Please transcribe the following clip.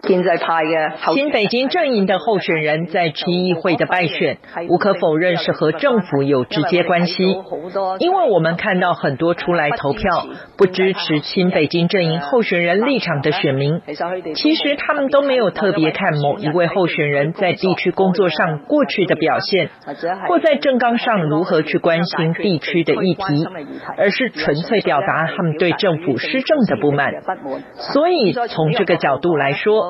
派嘅新北京陣營的候選人在區議會的敗選，無可否認是和政府有直接關係。因為我們看到很多出來投票不支持新北京陣營候選人立場的選民，其實他們都沒有特別看某一位候選人在地區工作上過去的表現，或在政綱上如何去關心地區的議題，而是純粹表達他們對政府施政的不滿。所以從這個角度來說，